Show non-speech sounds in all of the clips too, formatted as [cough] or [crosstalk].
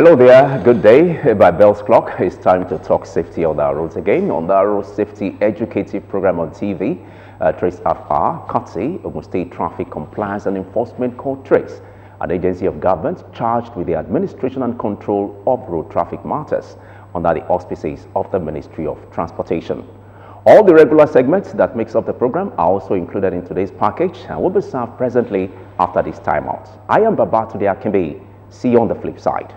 Hello there, good day. By Bell's Clock, it's time to talk safety on our roads again on our road safety educative program on TV. Uh, Trace FR, COTSI, Ogun State Traffic Compliance and Enforcement called Trace, an agency of government charged with the administration and control of road traffic matters under the auspices of the Ministry of Transportation. All the regular segments that makes up the program are also included in today's package and will be served presently after this timeout. I am Babatunde Akimbe. See you on the flip side.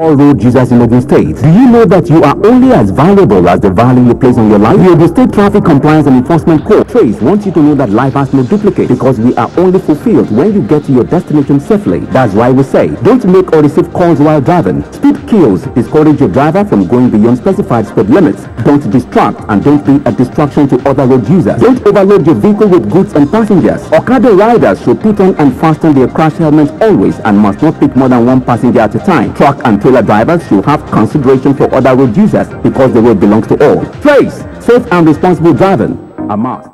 All Road, Jesus in Ogun State. Do you know that you are only as valuable as the value you place on your life? The Ogun State Traffic Compliance and Enforcement Court, TRACE, wants you to know that life has no duplicate because we are only fulfilled when you get to your destination safely. That's why we say, don't make or receive calls while driving. Speed kills discourage your driver from going beyond specified speed limits. Don't distract and don't be a distraction to other road users. Don't overload your vehicle with goods and passengers. Okada riders should put on and fasten their crash helmets always and must not pick more than one passenger at a time. Truck and trailer drivers should have consideration for other road users because the road belongs to all. Trace, safe and responsible driving, a must.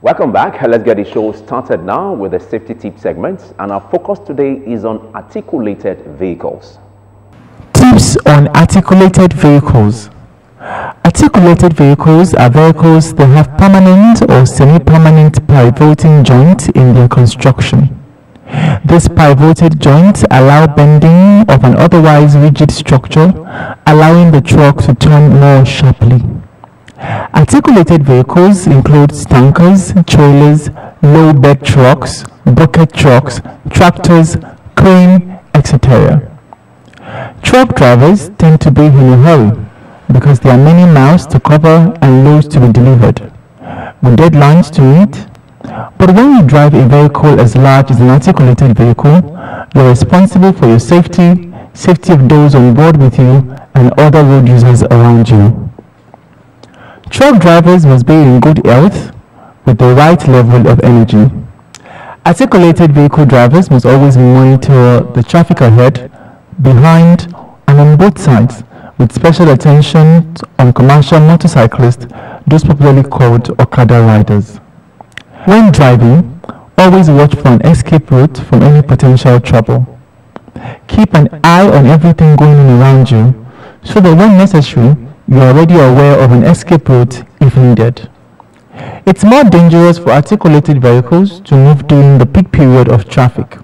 Welcome back. Let's get the show started now with the safety tip segment. And our focus today is on articulated vehicles. Tips on articulated vehicles. Articulated vehicles are vehicles that have permanent or semi-permanent pivoting joint in their construction. These pivoted joints allow bending of an otherwise rigid structure, allowing the truck to turn more sharply. Articulated vehicles include tankers, trailers, low bed trucks, bucket trucks, tractors, crane, etc. Truck drivers tend to be in a hurry because there are many miles to cover and loads to be delivered, with deadlines to meet but when you drive a vehicle as large as an articulated vehicle, you're responsible for your safety, safety of those on board with you, and other road users around you. Truck drivers must be in good health with the right level of energy. Articulated vehicle drivers must always monitor the traffic ahead, behind, and on both sides with special attention on commercial motorcyclists, those popularly called Okada riders. When driving, always watch for an escape route from any potential trouble. Keep an eye on everything going on around you so that when necessary, you are already aware of an escape route if needed. It's more dangerous for articulated vehicles to move during the peak period of traffic.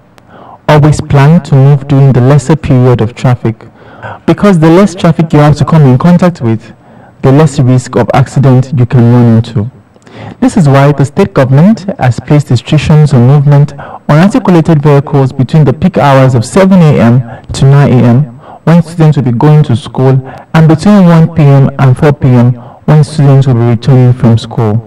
Always plan to move during the lesser period of traffic because the less traffic you have to come in contact with, the less risk of accident you can run into. This is why the state government has placed restrictions on movement on articulated vehicles between the peak hours of 7 a.m. to 9 a.m. when students will be going to school and between 1 p.m. and 4 p.m. when students will be returning from school.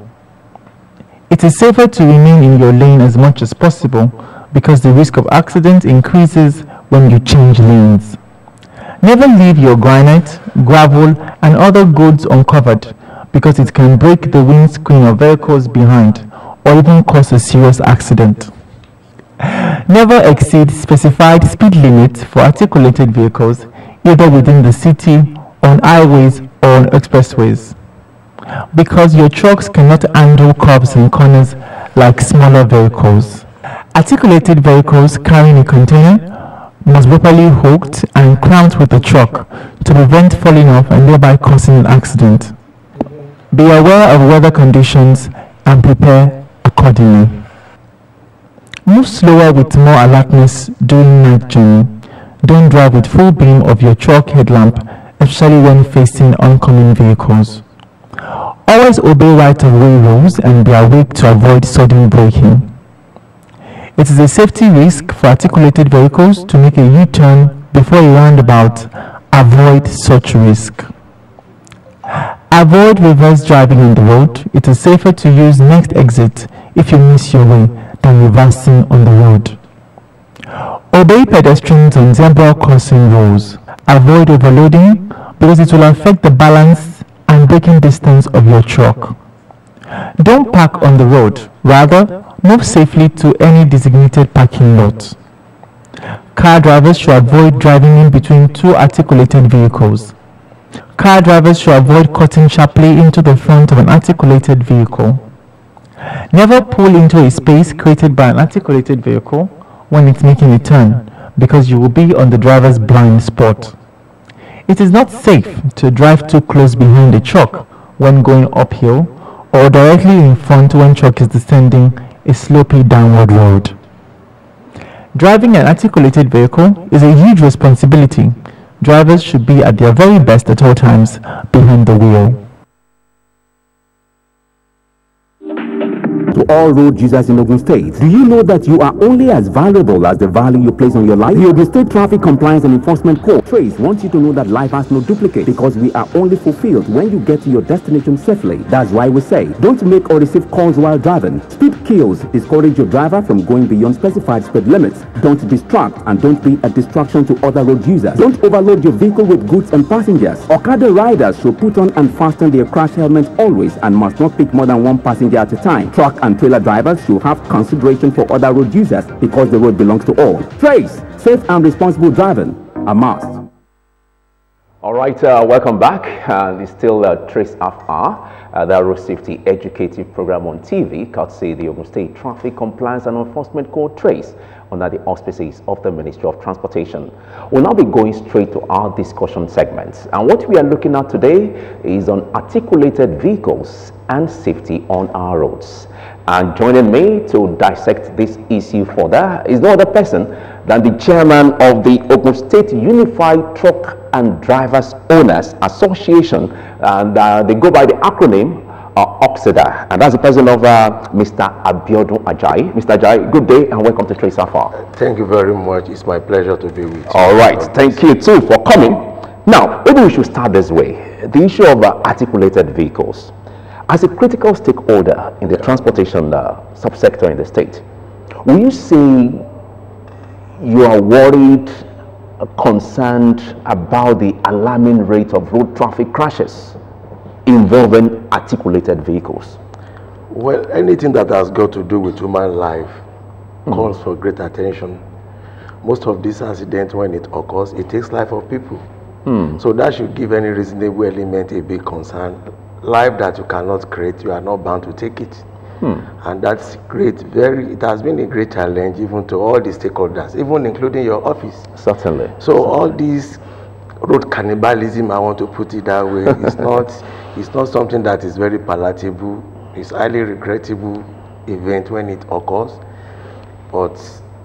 It is safer to remain in your lane as much as possible because the risk of accident increases when you change lanes. Never leave your granite, gravel, and other goods uncovered because it can break the windscreen of vehicles behind or even cause a serious accident. Never exceed specified speed limits for articulated vehicles either within the city, on highways or on expressways because your trucks cannot handle curves and corners like smaller vehicles. Articulated vehicles carrying a container must be properly hooked and clamped with the truck to prevent falling off and thereby causing an accident. Be aware of weather conditions and prepare accordingly. Move slower with more alertness during night journey. Don't drive with full beam of your truck headlamp, especially when facing oncoming vehicles. Always obey right-of-way rules and be awake to avoid sudden braking. It is a safety risk for articulated vehicles to make a U-turn before a roundabout. Avoid such risk. Avoid reverse driving on the road. It is safer to use next exit if you miss your way than reversing on the road. Obey pedestrians on zebra crossing rules. Avoid overloading because it will affect the balance and braking distance of your truck. Don't park on the road. Rather, move safely to any designated parking lot. Car drivers should avoid driving in between two articulated vehicles. Car drivers should avoid cutting sharply into the front of an articulated vehicle. Never pull into a space created by an articulated vehicle when it's making a turn because you will be on the driver's blind spot. It is not safe to drive too close behind a truck when going uphill or directly in front when truck is descending a slopy downward road. Driving an articulated vehicle is a huge responsibility Drivers should be at their very best at all times behind the wheel. all road users in Ogun State. Do you know that you are only as valuable as the value you place on your life? The Ogun State Traffic Compliance and Enforcement Corps, Trace, wants you to know that life has no duplicate because we are only fulfilled when you get to your destination safely. That's why we say, don't make or receive calls while driving. Speed kills discourage your driver from going beyond specified speed limits. Don't distract and don't be a distraction to other road users. Don't overload your vehicle with goods and passengers. Okada riders should put on and fasten their crash helmets always and must not pick more than one passenger at a time. Truck and trailer drivers should have consideration for other road users because the road belongs to all. Trace, safe and responsible driving, a must. All right, uh, welcome back. Uh, it's still uh, Trace FR, uh, the Road Safety Educative Program on TV, courtesy the Ogun State Traffic Compliance and Enforcement Code Trace under the auspices of the Ministry of Transportation. We'll now be going straight to our discussion segments. And what we are looking at today is on articulated vehicles and safety on our roads. And joining me to dissect this issue further is no other person than the chairman of the Ogun State Unified Truck and Drivers Owners Association, and uh, they go by the acronym uh, Oxida, and that's the president of uh, Mr. Abiodun Ajay. Mr. Ajay, good day and welcome to Trace Afar. Thank you very much. It's my pleasure to be with you. All right, thank you too for coming. Now, maybe we should start this way. The issue of uh, articulated vehicles. As a critical stakeholder in the yeah. transportation uh, subsector in the state, will you say you are worried concerned about the alarming rate of road traffic crashes involving articulated vehicles? Well, anything that has got to do with human life mm. calls for great attention. Most of these accidents, when it occurs, it takes life of people. Mm. So that should give any reasonable element a big concern. Life that you cannot create, you are not bound to take it. Hmm. And that's great. Very, it has been a great challenge even to all the stakeholders, even including your office. Certainly. So Certainly. all this road cannibalism, I want to put it that way, it's [laughs] not, it's not something that is very palatable. It's highly regrettable event when it occurs, but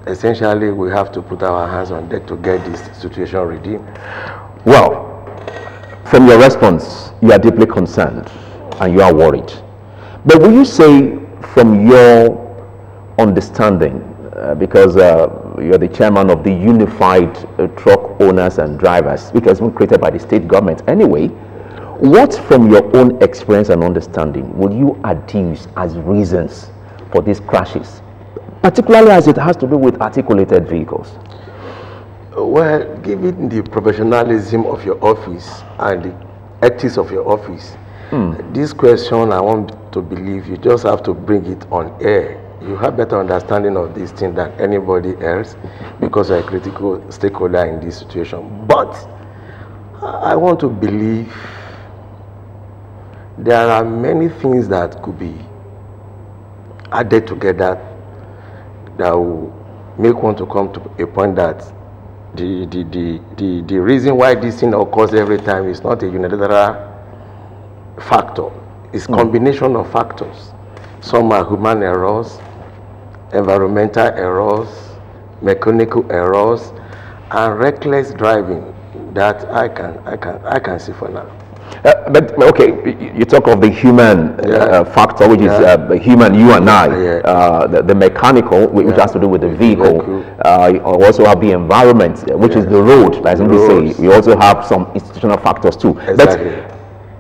essentially we have to put our hands on deck to get this situation redeemed. Well, from your response, you are deeply concerned and you are worried. But will you say from your understanding, uh, because uh, you're the chairman of the Unified uh, Truck Owners and Drivers, which has been created by the state government. Anyway, what from your own experience and understanding would you adduce as reasons for these crashes, particularly as it has to do with articulated vehicles? Well, given the professionalism of your office and the ethics of your office, Hmm. This question, I want to believe you just have to bring it on air. You have better understanding of this thing than anybody else because you're a critical stakeholder in this situation. But I want to believe there are many things that could be added together that will make one to come to a point that the, the, the, the, the reason why this thing occurs every time is not a unilateral factor. It's hmm. combination of factors. Some are human errors, environmental errors, mechanical errors, and reckless driving that I can, I can, I can see for now. Uh, but okay, you talk of the human uh, yeah. uh, factor, which yeah. is uh, the human, you and I, yeah. Uh, the, the, mechanical, which has to do with the vehicle. Uh, also have the environment, which is the road, as we say. We also have some institutional factors too. Exactly. But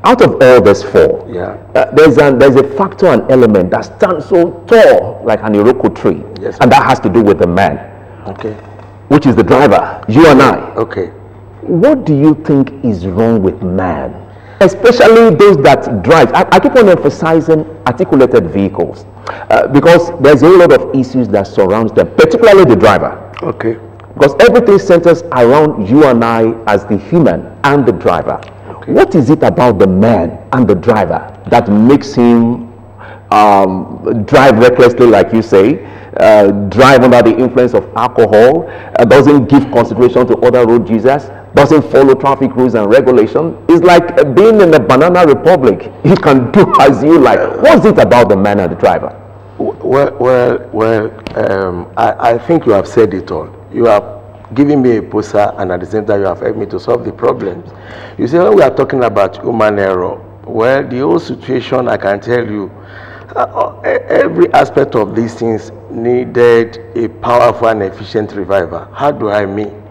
out of all those four, yeah. Uh, there's, a, there's a factor and element that stands so tall like an Iroko tree. Yes, and that has to do with the man. Okay. Which is the driver, you and I. Okay. What do you think is wrong with man? Especially those that drive. I, I keep on emphasizing articulated vehicles uh, because there's a lot of issues that surrounds them, particularly the driver. Okay. Because everything centers around you and I as the human and the driver. Okay. What is it about the man and the driver that makes him um, drive recklessly, like you say, uh, drive under the influence of alcohol, uh, doesn't give consideration to other road users, doesn't follow traffic rules and regulation. It's like uh, being in a banana republic. [laughs] You can do as you like. What's it about the man and the driver? Well, well, well um, I, I think you have said it all. You have giving me a poster and at the same time you have helped me to solve the problems. You see, we are talking about human error, well, the whole situation, I can tell you, uh, uh, every aspect of these things needed a powerful and efficient reviver. How do I mean?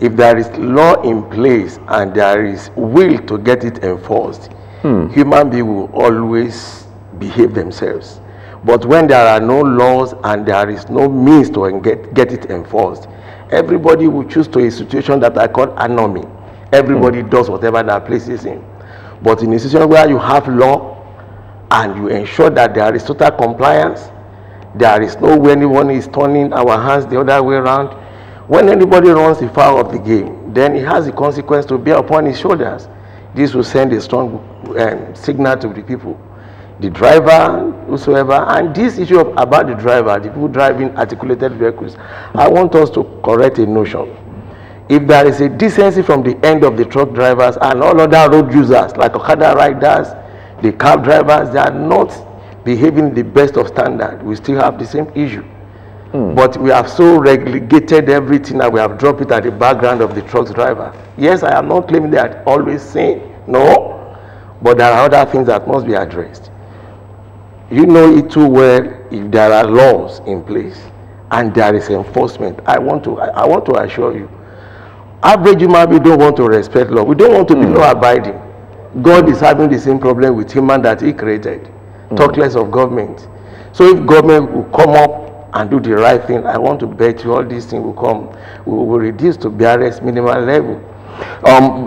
If there is law in place and there is will to get it enforced, hmm. human beings will always behave themselves. But when there are no laws and there is no means to get, get it enforced, everybody will choose to a situation that I call anomy. Everybody mm. does whatever that places him. But in a situation where you have law and you ensure that there is total compliance, there is no way anyone is turning our hands the other way around. When anybody runs the foul of the game, then it has the consequence to bear upon his shoulders. This will send a strong um, signal to the people the driver, whosoever, and this issue of, about the driver, the people driving articulated vehicles, I want us to correct a notion. If there is a decency from the end of the truck drivers and all other road users, like Okada riders, the cab drivers, they are not behaving the best of standard. We still have the same issue. Mm. But we have so regulated everything that we have dropped it at the background of the truck driver. Yes, I am not claiming they are always saying No. But there are other things that must be addressed. You know it too well if there are laws in place and there is enforcement. I want to, I, I want to assure you, average human don't want to respect law. We don't want to be hmm. law-abiding. God is having the same problem with human that He created. Mm. Talk less of government. So if government will come up and do the right thing, I want to bet you all these things will come. will, will reduce to barest minimal level. Um,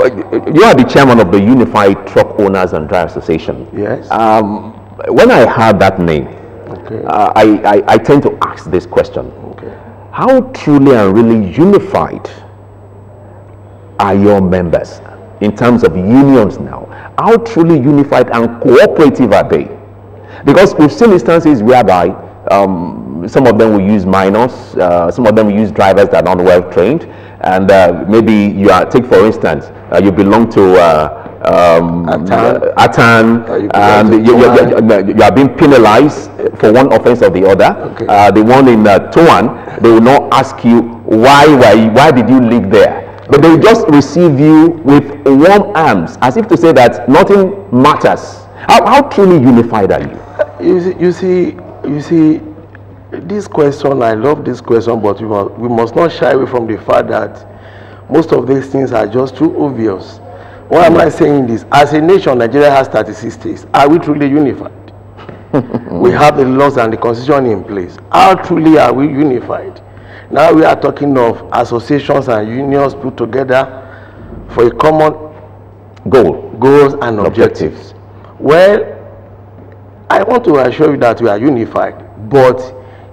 you are the chairman of the Unified Truck Owners and Drivers Association. Yes. Um, when I heard that name, okay. uh, I, I, I, tend to ask this question. Okay. How truly and really unified are your members in terms of unions now? How truly unified and cooperative are they? Because we've seen instances whereby um, some of them will use minors, uh, some of them will use drivers that are not well trained, and uh, maybe you are, take for instance, uh, you belong to uh, um, Atan, Atan oh, um, and you, are being penalized for one offense or the other. Okay. Uh, the one in uh, Toan, they will not ask you why, why, why did you live there? But they will just receive you with warm arms, as if to say that nothing matters. How, how truly unified are you? You see, you see, you see, this question, I love this question, but we must, we must not shy away from the fact that most of these things are just too obvious Why am I saying this? As a nation, Nigeria has 36 states. Are we truly unified? [laughs] we have the laws and the constitution in place. How truly are we unified? Now we are talking of associations and unions put together for a common goal, goals and objectives. objectives. Well, I want to assure you that we are unified, but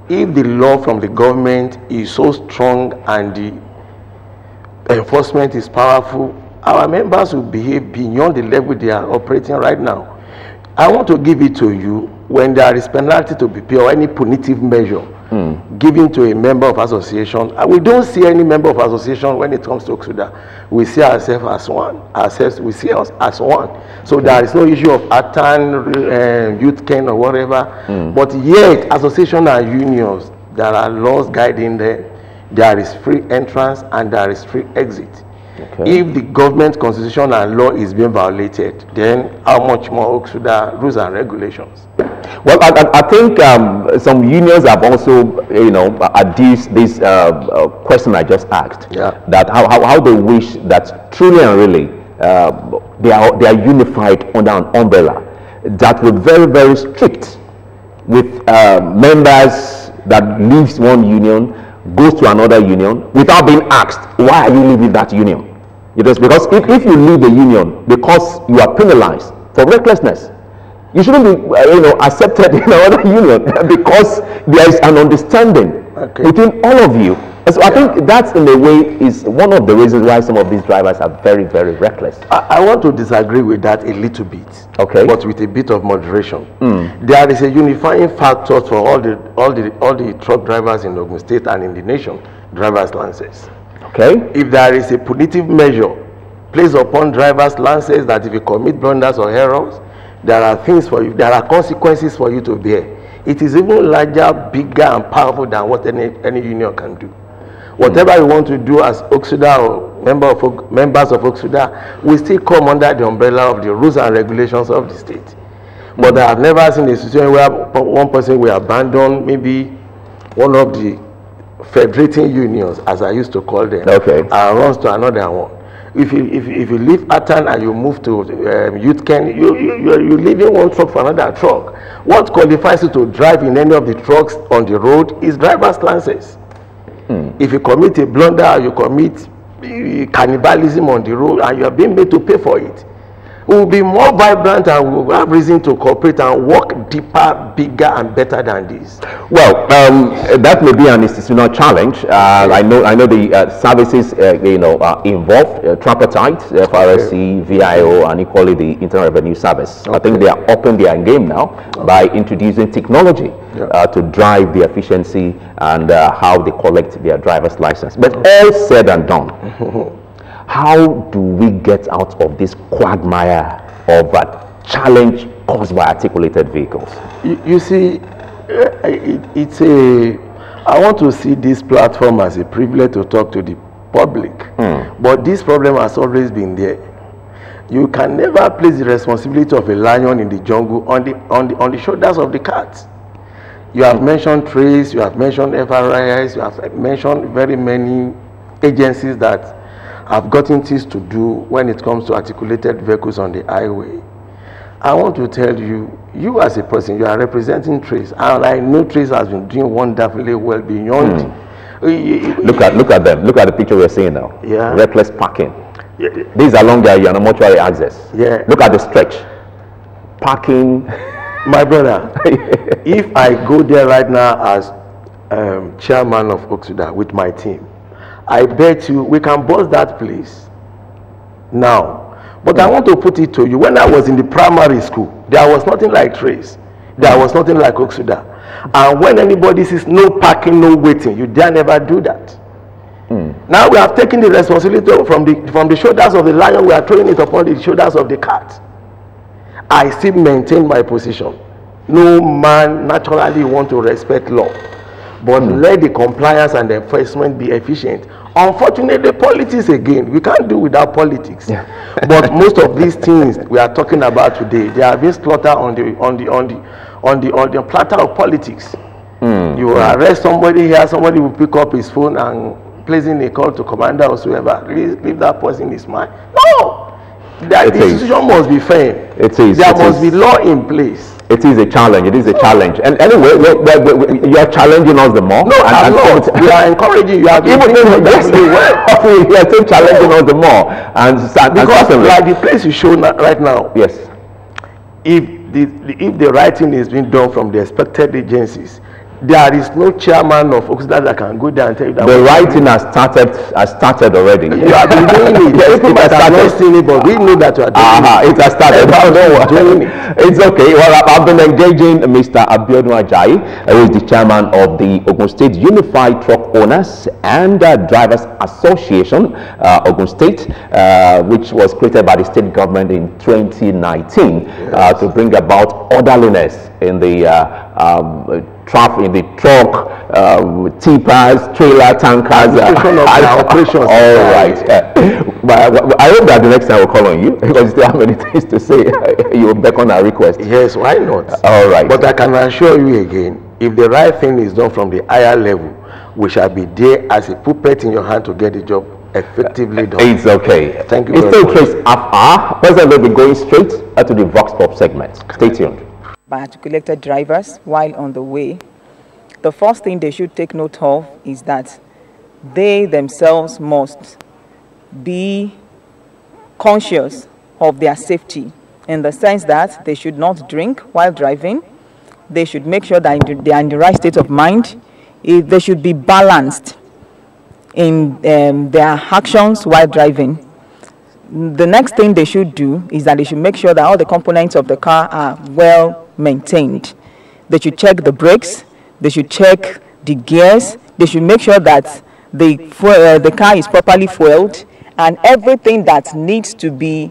if the law from the government is so strong and the enforcement is powerful, our members will behave beyond the level they are operating right now. I want to give it to you when there is penalty to be paid or any punitive measure mm. given to a member of association. We don't see any member of association when it comes to Oksuda. We see ourselves as one. Ourselves, we see us as one. So hmm. there is no issue of Atan, uh, youth ken or whatever. Mm. But yet, association and unions, there are laws guiding them. There is free entrance and there is free exit. Okay. If the government constitution and law is being violated, then how much more should the rules and regulations? Well, I, I think um, some unions have also, you know, adduced this uh, uh, question I just asked. Yeah. That how, how, how they wish that truly and really uh, they are they are unified under an umbrella that were very very strict with uh, members that leaves one union goes to another union without being asked, why are you leaving that union? It is because if, if you leave the union because you are penalized for recklessness, you shouldn't be uh, you know, accepted [laughs] in another union [laughs] because there is an understanding okay. between all of you So I think that, in a way, is one of the reasons why some of these drivers are very, very reckless. I, I want to disagree with that a little bit. Okay. But with a bit of moderation. Mm. There is a unifying factor for all the all the all the truck drivers in Ogun State and in the nation, drivers' licenses. Okay. If there is a punitive measure placed upon drivers' licenses that if you commit blunders or errors, there are things for you, there are consequences for you to bear. It is even larger, bigger, and powerful than what any, any union can do. Whatever we want to do as Oxida or member of, members of Oxida, we still come under the umbrella of the rules and regulations of the state. But I have never seen a situation where one person will abandon maybe one of the federating unions, as I used to call them, okay. and runs to another one. If you, if, if you leave Atan and you move to um, Youthken, you, you, you're, you're leaving one truck for another truck. What qualifies you to drive in any of the trucks on the road is driver's license. If you commit a blunder, you commit cannibalism on the road, and you are being made to pay for it. will be more vibrant and we will have reason to cooperate and work deeper, bigger, and better than this. Well, um, that may be an institutional challenge. Uh, I know I know the uh, services uh, you know are involved, uh, tripartite, uh, FRSC, okay. VIO, and equally the Internal Revenue Service. Okay. I think they are upping their game now okay. by introducing technology yeah. Uh, to drive the efficiency and uh, how they collect their driver's license. But all said and done. [laughs] How do we get out of this quagmire of a challenge caused by articulated vehicles? You, you see, eh, it, it's a. I want to see this platform as a privilege to talk to the public. Mm. But this problem has always been there. You can never place the responsibility of a lion in the jungle on the on the on the shoulders of the cat. You have mm. mentioned trees, you have mentioned FRIs, you have mentioned very many agencies that I've gotten things to do when it comes to articulated vehicles on the highway. I want to tell you, you as a person, you are representing trees, and I know trees has been doing wonderfully well beyond. Mm. look at look at them. Look at the picture we're seeing now. Yeah. Reckless parking. Yeah. These are along the you know, mortuary access. Yeah. Look at the stretch. Parking. [laughs] My brother, [laughs] if I go there right now as um, chairman of Oxida with my team, I bet you we can bust that place now. But I want to put it to you when I was in the primary school, there was nothing like trace, there was nothing like Oksuda. And when anybody says no parking, no waiting, you dare never do that. Mm. Now we have taken the responsibility from the, from the shoulders of the lion, we are throwing it upon the shoulders of the cat. I still maintain my position. No man naturally want to respect law, but mm. let the compliance and enforcement be efficient Unfortunately, politics again. We can't do without politics. Yeah. [laughs] but most of these things we are talking about today, they are being slaughtered on the on the on the on the on the platter of politics. Mm. You hmm. arrest somebody here, somebody will pick up his phone and placing a call to commander or whoever. Please leave that person in his mind. No, that it is. must be fair. It is. There it must is. be law in place. It is a challenge. It is a challenge. And anyway, we're, we're, we're, you're challenging us the more. No, and, I'm and not. we are encouraging you. Have Even though yes, [laughs] you are still challenging us the more. And, and because and like the place you show right now. Yes. If the if the writing is being done from the expected agencies, there is no chairman of Oxidad that can go there and tell you that. The writing has started has started already. you have been doing it. [laughs] Yes, People might have not seen it, but we know that you are doing uh -huh, it. It has started. No, no, doing it. It's okay. Well, I've been engaging Mr. Abiodun Ajayi, who is the chairman of the Ogun State Unified Truck Owners and uh, Drivers Association, uh, Ogun State, uh, which was created by the state government in 2019 uh, yes. to bring about orderliness in the uh, um, traffic, the truck, um, tippers, trailer tankers. Uh, all operations. [laughs] All right. Uh, but I, I, hope that the next time we'll call on you [laughs] because you still have many [laughs] things to say. You'll beckon our request. Yes, why not? All right. But I can assure you again, if the right thing is done from the higher level, we shall be there as a puppet in your hand to get the job effectively done. It's okay. Thank you. It's still Trace Afar. President will be going straight to the Vox Pop segment. Stay tuned. by articulated drivers while on the way, the first thing they should take note of is that they themselves must be conscious of their safety in the sense that they should not drink while driving. They should make sure that they are in the right state of mind. Eh, they should be balanced in um, their actions while driving. The next thing they should do is that they should make sure that all the components of the car are well maintained. They should check the brakes, they should check the gears, they should make sure that the, uh, the car is properly fueled and everything that needs to be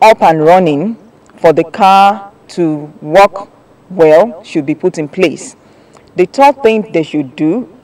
up and running for the car to work well should be put in place. The third thing they should do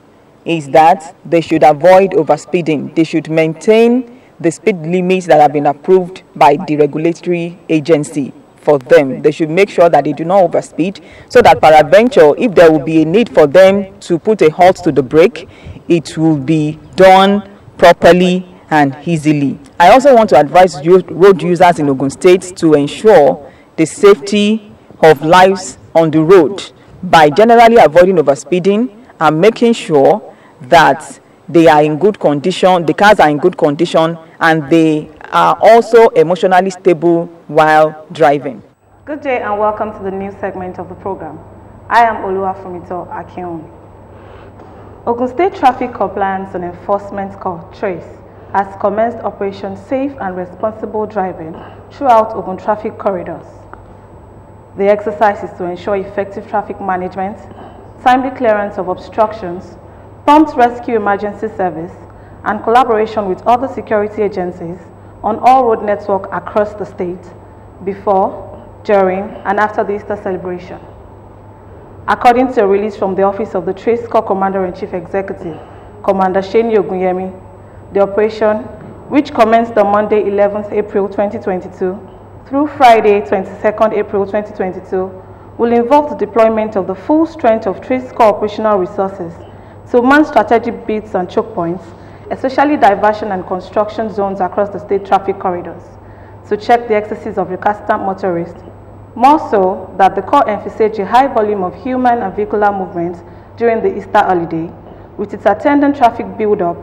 is that they should avoid overspeeding. They should maintain the speed limits that have been approved by the regulatory agency for them. They should make sure that they do not overspeed so that paraventure, if there will be a need for them to put a halt to the brake, it will be done properly and easily. I also want to advise road users in Ogun State to ensure the safety of lives on the road by generally avoiding overspeeding and making sure that they are in good condition, the cars are in good condition and they are also emotionally stable while driving. Good day and welcome to the new segment of the program. I am Olua Fumito Akeon. Ogun State Traffic Compliance and Enforcement Corps, TRACE, has commenced Operation Safe and Responsible Driving throughout Ogun traffic corridors. The exercise is to ensure effective traffic management, timely clearance of obstructions, prompt rescue emergency service, and collaboration with other security agencies on all road network across the state before, during, and after the Easter celebration. According to a release from the Office of the Trace Corps Commander-in-Chief Executive, Commander Shane Yogunyemi, the operation, which commenced on Monday 11th April 2022 through Friday 22nd April 2022, will involve the deployment of the full strength of Trace Corps operational resources to man strategic beats and choke points especially diversion and construction zones across the state traffic corridors, to check the excesses of recalcitrant motorists. More so, that the court emphasized a high volume of human and vehicular movements during the Easter holiday, with its attendant traffic buildup,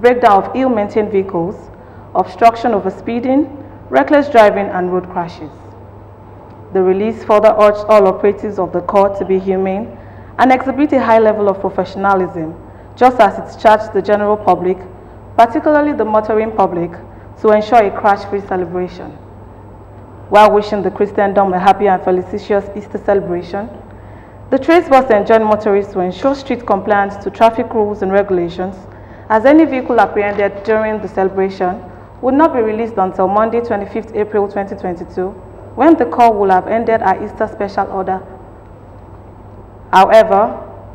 breakdown of ill-maintained vehicles, obstruction over speeding, reckless driving, and road crashes. The release further urged all operatives of the court to be humane and exhibit a high level of professionalism just as it charged the general public, particularly the motoring public, to ensure a crash-free celebration. While wishing the Christendom a happy and felicitous Easter celebration, the trace bus enjoined motorists to ensure strict compliance to traffic rules and regulations, as any vehicle apprehended during the celebration would not be released until Monday, 25th April 2022, when the call will have ended our Easter special order. However,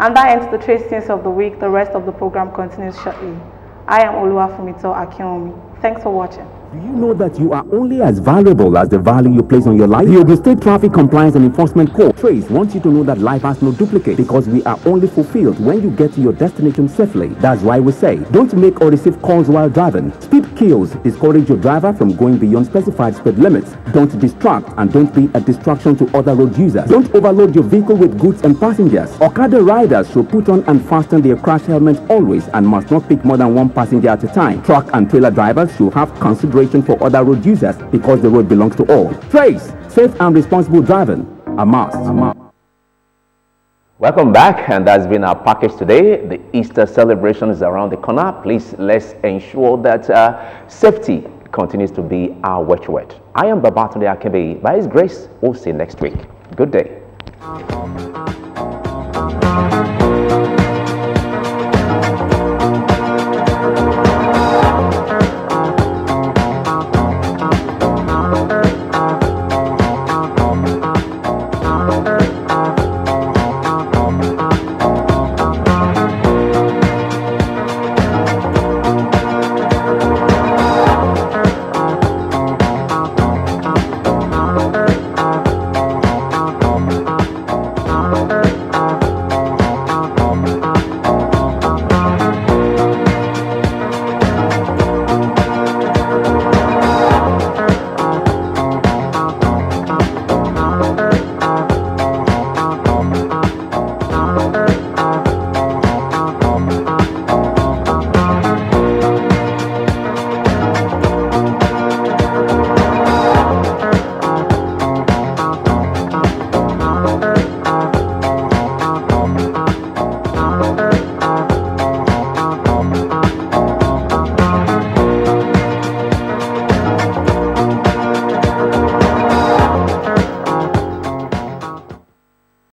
And that ends the trade scenes of the week. The rest of the program continues shortly. I am Oluwafumito Akinomi. Thanks for watching. Do you know that you are only as valuable as the value you place on your life? The Ogun State Traffic Compliance and Enforcement Corps Trace wants you to know that life has no duplicate because we are only fulfilled when you get to your destination safely. That's why we say don't make or receive calls while driving. Speed kills discourage your driver from going beyond specified speed limits. Don't distract and don't be a distraction to other road users. Don't overload your vehicle with goods and passengers. Okada riders should put on and fasten their crash helmets always and must not pick more than one passenger at a time. Truck and trailer drivers should have consideration for other road users because the road belongs to all. Trace, safe and responsible driving, a must. A must. Welcome back, and that's been our package today. The Easter celebration is around the corner. Please, let's ensure that uh, safety continues to be our watchword. I am Babatunde Akebe. By His grace, we'll see you next week. Good day.